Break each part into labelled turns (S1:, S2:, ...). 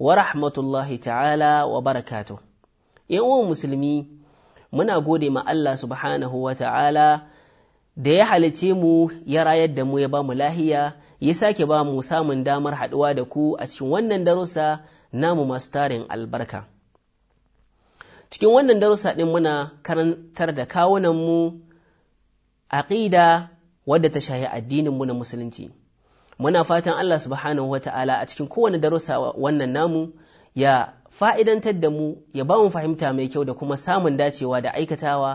S1: wa rahmatullahi ta'ala wa barakatu. uwan musulmi, muna gode ma Allah subhanahu wa ta'ala da ya halice mu ya rayar da mu ya ba mu lahiya, ya sake ba mu samun damar haɗuwa da ku a cikin wannan darussa namu masu tarin albarka. Cikin wannan darussa ɗin muna karantar da kawunanmu aƙida wadda ta shahi addininmu na musulunci. muna fatan Allah subhanahu wa ta'ala a cikin kowane darussa wannan namu ya fa'idantar da mu ya ba mu fahimta mai kyau da kuma samun dacewa da aikatawa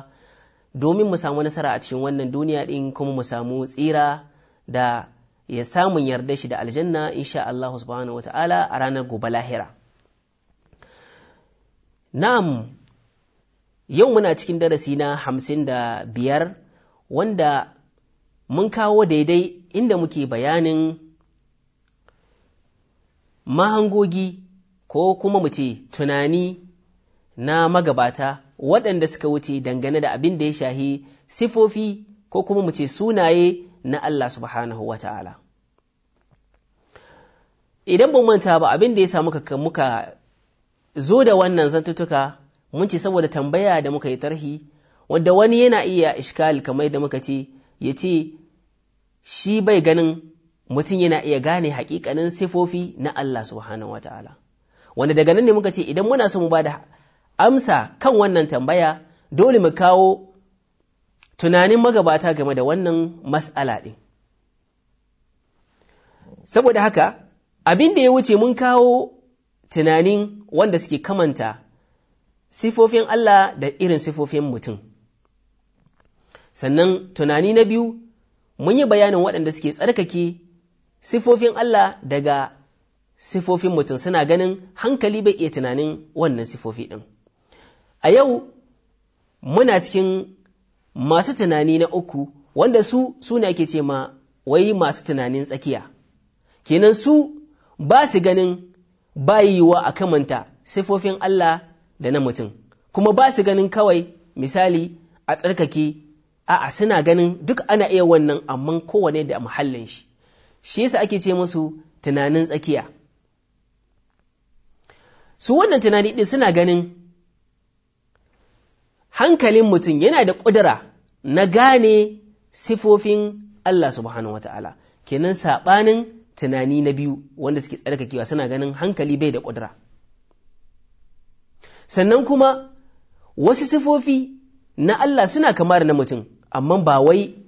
S1: domin mu samu nasara a cikin wannan duniya ɗin kuma mu samu tsira da ya samun yarda shi da aljanna insha Allah subhanahu ta'ala a ranar gobe lahira na'am yau muna cikin darasi na hamsin da biyar wanda mun kawo daidai inda muke bayanin mahangogi ko kuma mu ce tunani na magabata waɗanda suka wuce dangane da abin da ya shahi sifofi ko kuma mu ce sunaye na Allah subhanahu wa ta'ala. Idan ban manta ba abin da ya samu muka zo da wannan zantuttuka mun ce saboda tambaya da muka yi tarhi Wanda wani yana iya ishkal kamar da muka ce ya ce shi bai ganin mutum yana iya gane haƙiƙanin sifofi na Allah subhanahu wa ta'ala. Wanda daga nan ne muka ce idan muna so mu ba da amsa kan wannan tambaya dole mu kawo tunanin magabata game da wannan mas'ala ɗin. Saboda haka, abin da ya wuce mun kawo tunanin wanda suke kamanta sifofin Allah da irin sifofin mutum. Sannan tunani na biyu, mun yi bayanin waɗanda suke tsarkake sifofin Allah daga sifofin mutum suna ganin hankali bai iya tunanin wannan sifofi ɗin. A yau muna cikin masu tunani na uku wanda su suna ake ce ma wai masu tunanin tsakiya. Kenan su ba su ganin bayiwa a kamanta sifofin Allah da na mutum, kuma ba su ganin kawai misali a tsarkake a'a suna ganin duk ana iya wannan amma kowane da muhallin shi. shi yasa ake ce musu tunanin tsakiya su wannan tunani ɗin suna ganin hankalin mutum yana da ƙudura na gane sifofin Allah subhanahu wa ta'ala kenan saɓanin tunani na biyu wanda suke tsarkakewa suna ganin hankali bai da ƙudura sannan kuma wasu sifofi na Allah suna kamar na mutum amma ba wai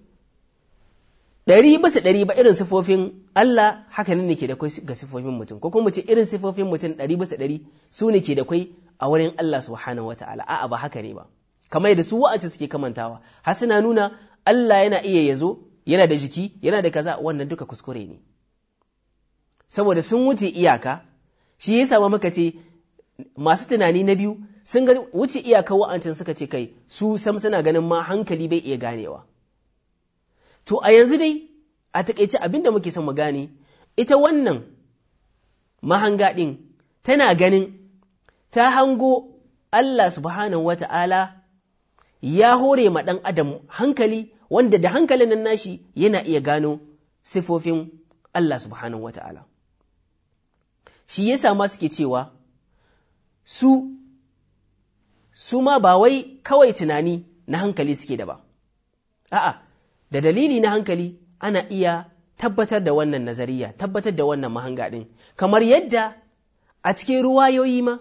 S1: ɗari bisa ɗari ba irin sifofin Allah haka ne ke da kwai ga sifofin mutum ko kuma ce irin sifofin mutum ɗari bisa ɗari su ne ke da kwai a wurin Allah subhanahu wataala a'a ba haka ne ba kamar da su wa'anci suke kamantawa har suna nuna Allah yana iya ya zo yana da jiki yana da kaza wannan duka kuskure ne saboda sun wuce iyaka shi ya sama muka ce masu tunani na biyu sun ga wuce iyaka wa'ancin suka ce kai su sam suna ganin ma hankali bai iya ganewa To a yanzu dai a taƙaice abin da muke son mu gane, ita wannan mahanga ɗin tana ganin ta hango Allah subhanahu wa ta'ala ya hore ma ɗan adam hankali wanda da hankalin nan nashi yana iya gano sifofin Allah subhanahu wa ta'ala. Shi yasa ma suke cewa su su ma ba wai kawai tunani na hankali suke da ba, a'a da dalili na hankali ana iya tabbatar da wannan nazariya tabbatar da wannan mahanga ɗin kamar yadda a cikin ruwayoyi ma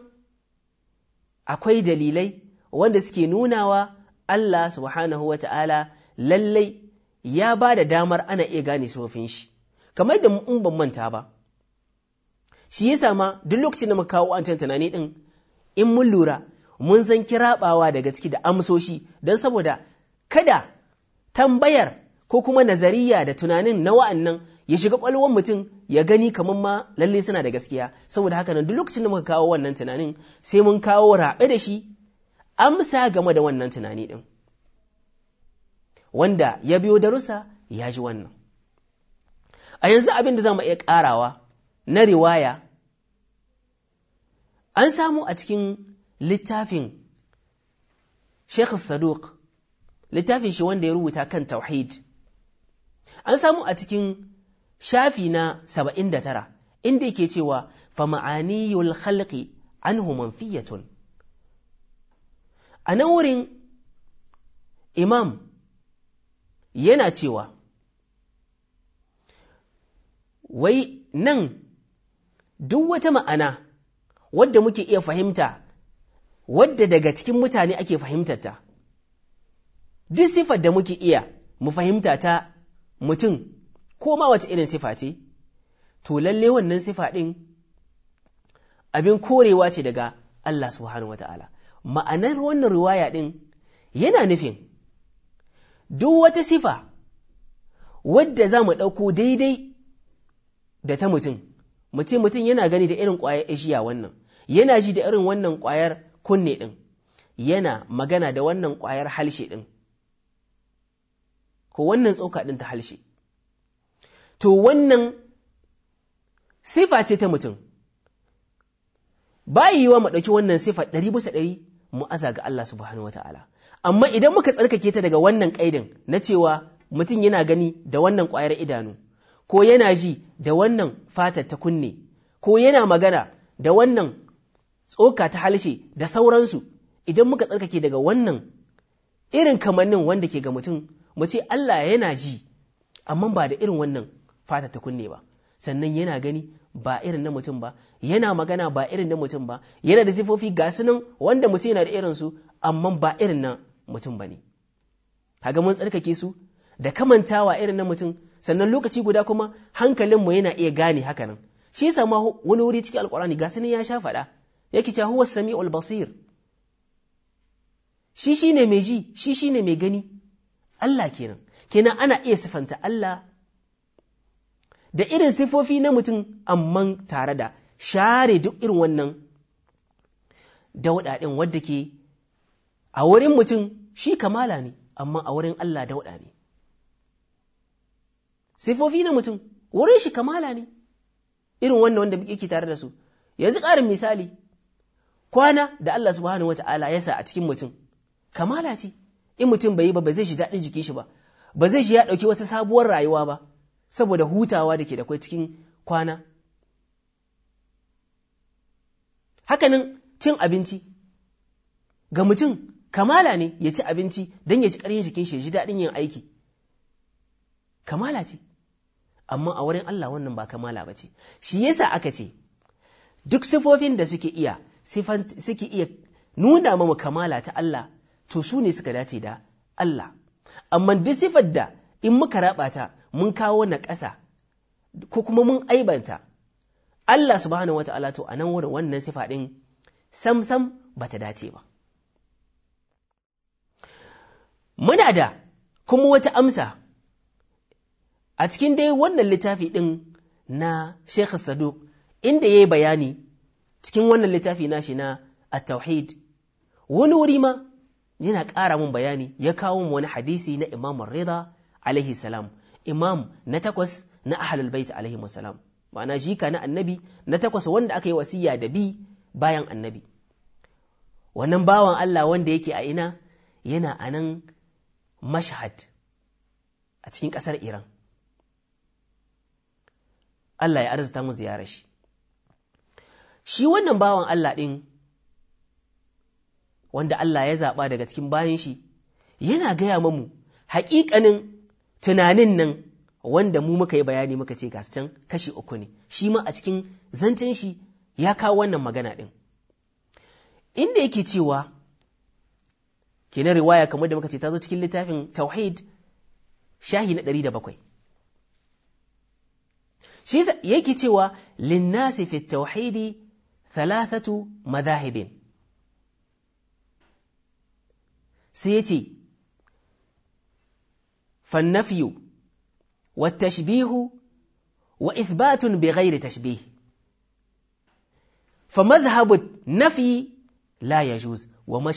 S1: akwai dalilai wanda suke nunawa Allah subhanahu wa ta'ala lallai ya ba da damar ana iya gane sufofin shi kamar yadda in ban manta ba shi yasa ma duk lokacin da muka kawo an can tunani din in mun lura mun san kiraɓawa daga ciki da amsoshi don saboda kada tambayar ko kuma nazariya da tunanin na wa'annan ya shiga ƙwalwan mutum ya gani kamar ma lalle suna da gaskiya saboda haka nan duk lokacin da muka kawo wannan tunanin sai mun kawo raɓe da shi amsa game da wannan tunani ɗin wanda ya biyo darussa ya ji wannan a yanzu abin da za mu iya ƙarawa na riwaya an samu a cikin littafin Sheikh Saduq littafin shi wanda ya rubuta kan tauhid an samu a cikin shafi na 79 inda yake cewa fa ma'aniyul khalqi anhu manfiyatun a nan wurin imam yana cewa wai nan duk wata ma'ana wadda muke iya fahimta wadda daga cikin mutane ake fahimtarta duk sifar da muke iya mu fahimta ta mutum ko ma wata irin sifa ce to lalle wannan sifa ɗin abin korewa ce daga Allah subhanahu wata'ala ma'anar wannan riwaya ɗin yana nufin duk wata sifa wadda za mu ɗauko daidai da ta mutum mutum mutum yana gani da irin ƙwayar ishiya wannan yana ji da irin wannan ƙwayar kunne ɗin yana magana da wannan ƙwayar halshe ɗin ko wannan tsoka ɗin ta halshe to wannan sifa ce ta mutum ba yiwa mu ɗauki wannan sifa ɗari bisa ɗari mu aza ga Allah subhanahu wa ta'ala amma idan muka tsarkake ta daga wannan ƙaidin na cewa mutum yana gani da wannan ƙwayar idanu ko yana ji da wannan fatar ta kunne ko yana magana da wannan tsoka ta halshe da sauransu idan muka tsarkake daga wannan irin kamannin wanda ke ga mutum mu ce Allah yana ji amma ba da irin wannan fata ta kunne ba sannan yana gani ba irin na mutum ba yana magana ba irin na mutum ba yana da sifofi ga sunan wanda mutum yana da irin su amma ba irin na mutum ba ne kaga mun tsarkake su da kamantawa irin na mutum sannan lokaci guda kuma hankalin mu yana iya gane haka nan shi yasa ma wani wuri cikin alkurani ga sunan ya sha faɗa yake cewa huwa sami'ul basir shi shine mai ji shi shine mai gani Allah kenan kenan ana iya sifanta Allah da irin sifofi na mutum amma tare da share duk irin wannan dauɗaɗin wadda ke a wurin mutum shi kamala ne amma a wurin Allah dauɗa ne sifofi na mutum wurin shi kamala ne irin wannan wanda yake tare da su yanzu ƙarin misali kwana da Allah subhanahu ta'ala ya sa a cikin mutum kamala ce in mutum bai yi ba ba zai shi daɗin jikin shi ba ba zai shi ya ɗauki wata sabuwar rayuwa ba saboda hutawa da ke da kwai cikin kwana hakanan cin abinci ga mutum kamala ne ya ci abinci don ya ci ƙarfin jikin shi ya ji daɗin yin aiki kamala ce amma a wurin Allah wannan ba kamala ba ce shi yasa aka ce duk sifofin da suke iya suke iya nuna mamu kamala ta Allah to su ne suka dace da Allah amma duk sifar da in muka raba mun kawo na ƙasa ko kuma mun aibanta Allah subhanahu ta’ala to anan wurin wannan sifa din sam sam ta dace ba muna da kuma wata amsa a cikin dai wannan littafi ɗin na Sheikh saduk inda yi bayani cikin wannan littafi nashi na at-tauhid wani wuri ma yana ƙara mun bayani ya kawo mu wani hadisi na Imam Rida alaihi salam imam na takwas na ahlul bait alaihi salam ma'ana jika na annabi na takwas wanda aka yi wasiya da bi bayan annabi wannan bawan Allah wanda yake a ina yana a nan mashhad a cikin ƙasar Iran Allah ya arzuta mu ziyarar shi shi wannan bawan Allah ɗin wanda Allah ya zaɓa daga cikin bayan shi yana gaya mamu haƙiƙanin tunanin nan wanda mu muka yi bayani muka ce ga can kashi uku ne shi ma a cikin zancen shi ya kawo wannan magana ɗin inda yake cewa na riwaya kamar da muka ce ta zo cikin littafin tauhid shahi na ɗari da bakwai shi yake cewa linnasi fi tauhidi thalathatu madahibin سيتي فالنفي والتشبيه وإثبات بغير تشبيه فمذهب النفي لا يجوز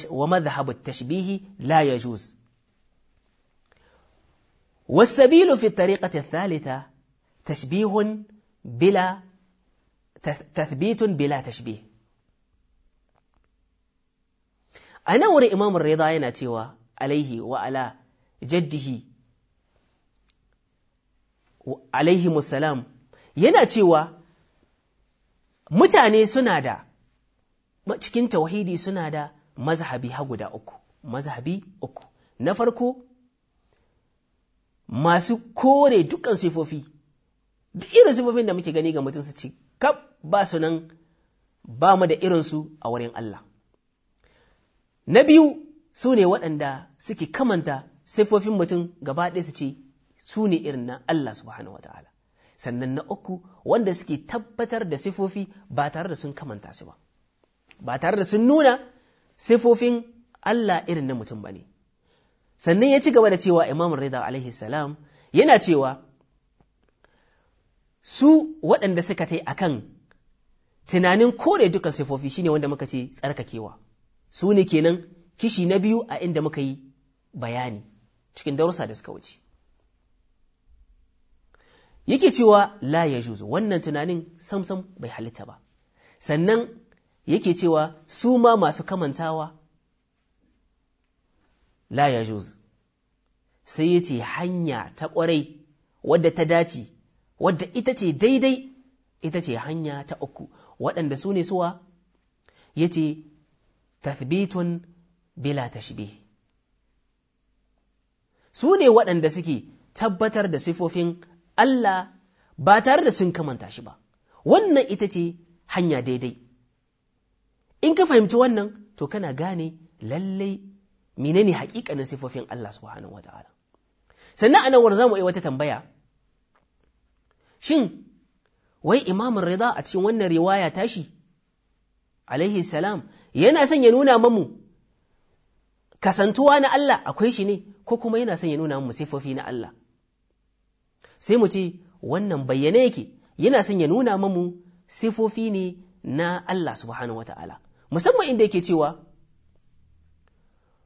S1: ومذهب التشبيه لا يجوز والسبيل في الطريقة الثالثة تشبيه بلا تثبيت بلا تشبيه a nan wurin imamun reza yana cewa alaihi wa'ala, jaddihi alaihi musalam yana cewa mutane suna da cikin tauhidi suna da mazhabi ha guda uku mazhabi uku na farko masu kore dukkan sifofi duk irin sifofin da muke gani ga mutum su ci kab ba su nan ba mu da irinsu a wurin Allah na biyu su ne waɗanda suke kamanta siffofin mutum gaba ɗaya su ce su ne irin na Allah subhanahu wa ta'ala sannan na uku wanda suke tabbatar da sifofi ba tare da sun kamanta su ba ba tare da sun nuna sifofin Allah irin na mutum ba ne sannan ya ci gaba da cewa imam rida alaihi salam yana cewa su waɗanda suka a akan tunanin kore dukkan sifofi shine wanda muka ce tsarkakewa su ne kenan kishi na biyu a inda muka yi bayani cikin darussa da suka wuce yake cewa la ya juzu wannan tunanin samsam bai halitta ba sannan yake cewa su ma masu kamantawa la ya juzu sai ya ce hanya ta ƙwarai wadda ta dace wadda ita ce daidai ita ce hanya ta uku waɗanda su ne suwa ya ce tathbitun bila tashbih su ne waɗanda suke tabbatar da sifofin Allah ba tare da sun kamanta shi ba wannan ita ce hanya daidai in ka fahimci wannan to kana gane lallai menene na sifofin Allah subhanahu wata'ala sannan anan war zamu yi wata tambaya shin wai imamun rida a cikin wannan riwaya tashi alaihi salam yana son ya nuna mamu kasantuwa na Allah akwai shi ne ko kuma yana son ya nuna mamu sifofi na Allah sai mu ce wannan bayyane yake yana son ya nuna mamu sifofi ne na Allah subhanahu wata'ala musamman inda yake cewa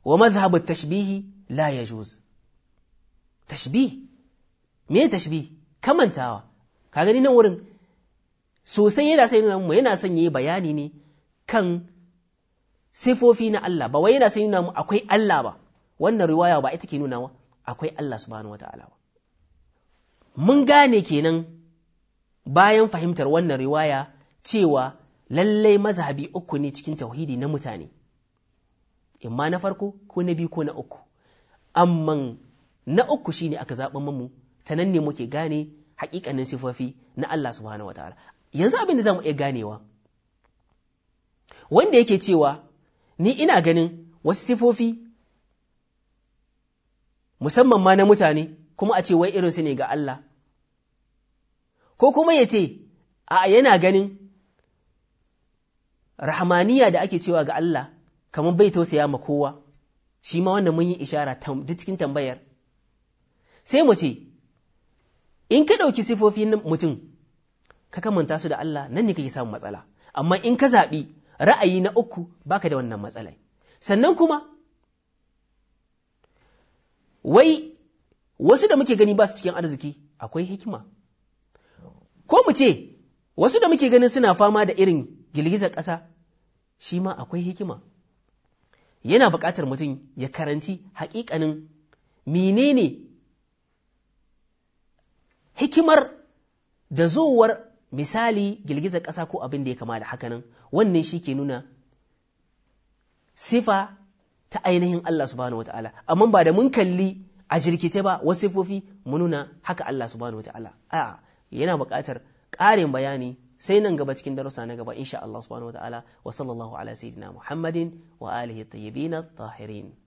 S1: wa madhhabu tashbihi la yajuz tashbih me tashbih kamantawa ka gani nan wurin sosai yana son ya nuna mu yana son yi bayani ne kan sifofi na Allah ba wai yana sai nuna mu akwai Allah ba wannan riwaya ba ita ke nuna wa akwai Allah subhanahu wata'ala ba mun gane kenan bayan fahimtar wannan riwaya cewa lallai mazhabi uku ne cikin tauhidi na mutane imma na farko ko na biyu ko na uku amma na uku shine aka zaɓin mamu ta nan ne muke gane haƙiƙanin sifofi na Allah subhanahu ta'ala yanzu abin da zamu iya ganewa wanda yake cewa ni ina ganin wasu sifofi musamman ma na mutane kuma a ce wai irinsu ne ga Allah ko kuma ya ce a yana ganin rahmaniya da ake cewa ga Allah kamar bai tausaya ma kowa shi ma wannan mun yi ishara duk cikin tambayar sai mu ce in ka ɗauki sifofin mutum ka kamanta su da Allah nan ne kake samun matsala amma in ka zaɓi ra'ayi na uku baka da wannan matsalai sannan kuma wai wasu da muke gani ba su cikin arziki akwai hikima ko mu ce wasu da muke ganin suna fama da irin girgizar ƙasa shi ma akwai hikima yana buƙatar mutum ya karanci haƙiƙanin menene hikimar da zowar misali girgizar ƙasa ko abin da ya kama da hakanan wannan shi ke nuna sifa ta ainihin Allah subhanahu ta’ala amma ba da mun kalli a jirkice ba wasu sifofi mu nuna haka Allah subhanahu ta’ala a yana buƙatar ƙarin bayani sai nan gaba cikin darussa na gaba insha Allah subhanahu ta’ala wa sallallahu ala sayyidina Muhammadin wa alihi tayyibina tahirin